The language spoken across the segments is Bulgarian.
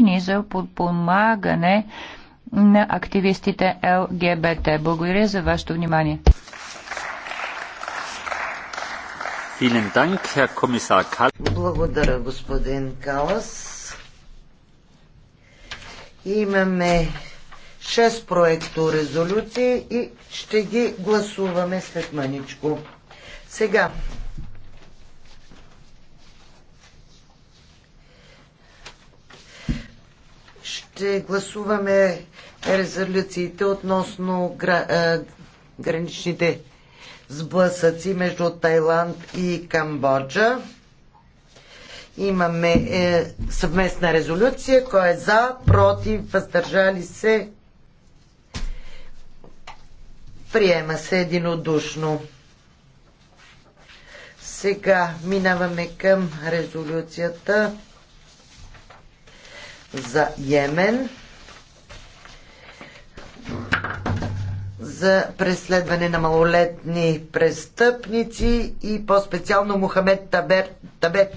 начини за подпомагане на активистите ЛГБТ. Благодаря за вашето внимание. Благодаря, господин Калас. Имаме 6 проекто резолюции и ще ги гласуваме след маничко. Сега ще гласуваме резолюциите относно гра, граничните сблъсъци между Тайланд и Камбоджа. Имаме е, съвместна резолюция. Кой е за, против, въздържали се? Приема се единодушно. Сега минаваме към резолюцията за Йемен за преследване на малолетни престъпници и по-специално Мохамед Табер, Табет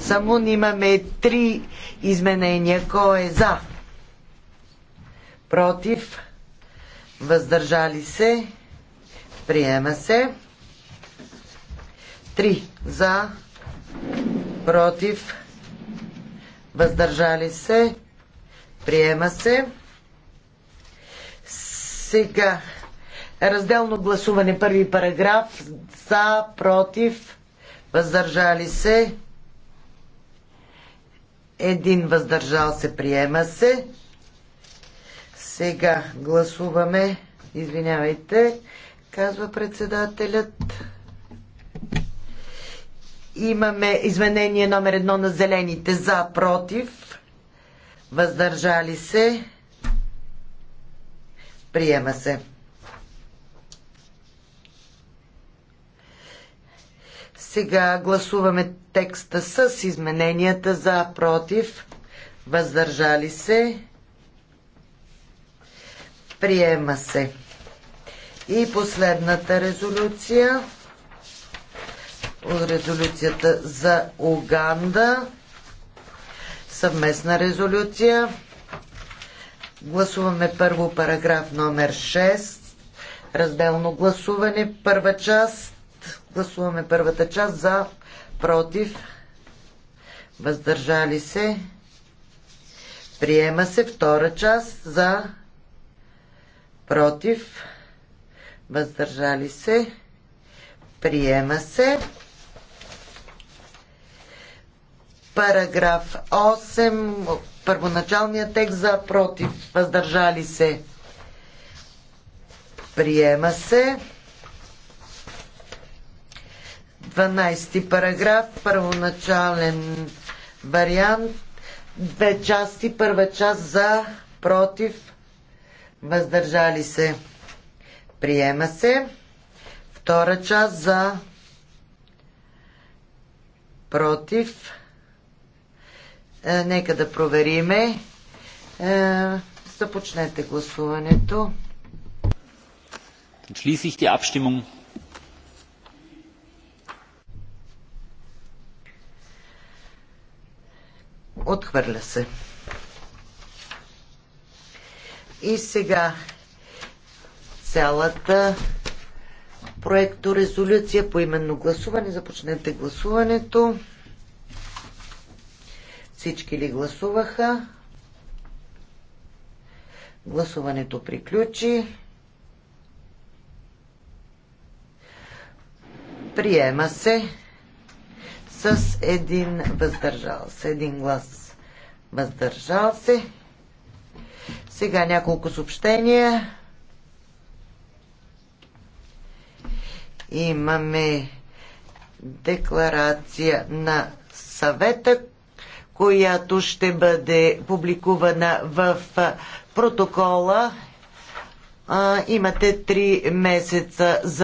Само Имаме три изменения. Кой е за? Против? Въздържали се? Приема се. Три за? Против? въздържали се, приема се. Сега, разделно гласуване, първи параграф, за, против, въздържали се, един въздържал се, приема се. Сега гласуваме, извинявайте, казва председателят. Имаме изменение номер едно на зелените за, против, въздържали се, приема се. Сега гласуваме текста с измененията за, против, въздържали се, приема се. И последната резолюция резолюцията за Уганда. Съвместна резолюция. Гласуваме първо параграф номер 6. Разделно гласуване. Първа част. Гласуваме първата част за против. Въздържали се. Приема се втора част за против. Въздържали се. Приема се. Параграф 8. Първоначалният текст за против. Въздържали се. Приема се. 12 параграф. Първоначален вариант. Две части. Първа част за против. Въздържали се. Приема се. Втора част за против е, нека да провериме. Е, започнете гласуването. Schließe ich die Abstimmung. Отхвърля се. И сега цялата проекторезолюция по именно гласуване. Започнете гласуването. Всички ли гласуваха? Гласуването приключи. Приема се с един въздържал се, един глас въздържал се. Сега няколко съобщения. Имаме декларация на съвета, която ще бъде публикувана в протокола. Имате три месеца за